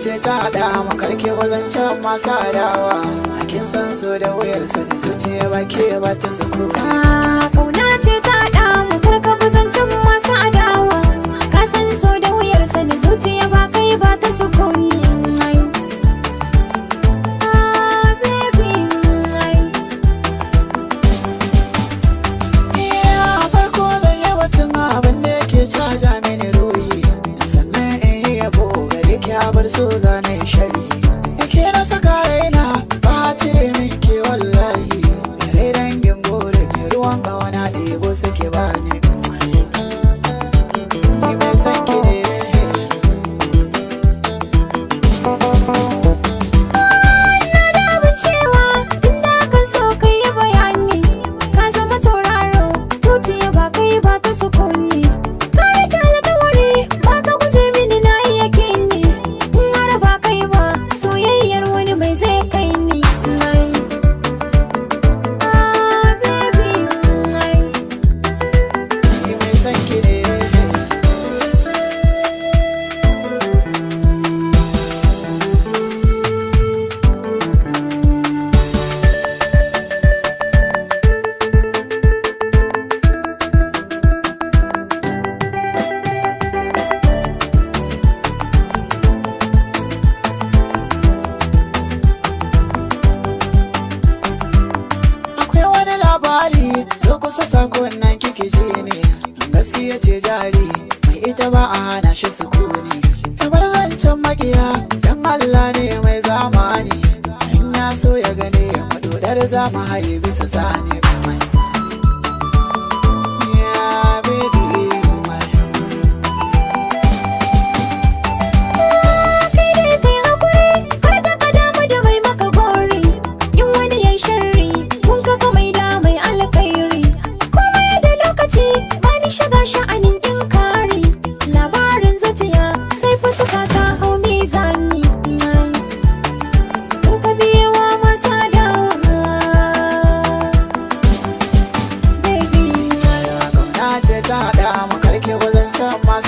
ce ta haɗa mu karke can masu adawa kin san su da wuyar sa da zuciya ba ke ba ta sukuka sa na shari Ake na saka raina ba cire min ke wallahi Yare dangin gore ne ruwan gawana ɗebo suke ba ni zo kusa sakonnan nan ne gaskiya ce jari mai ita ba a hana shi sukuni kamar zancen makiya dan Allah ne mai zamani in ya so ya gane ya madodar za haye bisa sani kamar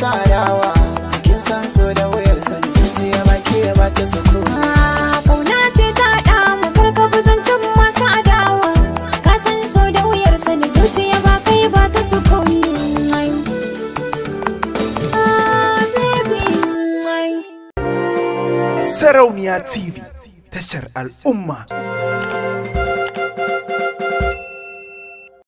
sayawa kin san so da wayar ba ta sako ah, kauna ce ta masu adawa ka san so da wayar ba kai ba ta ah, Sarauniya TV tashar al'umma.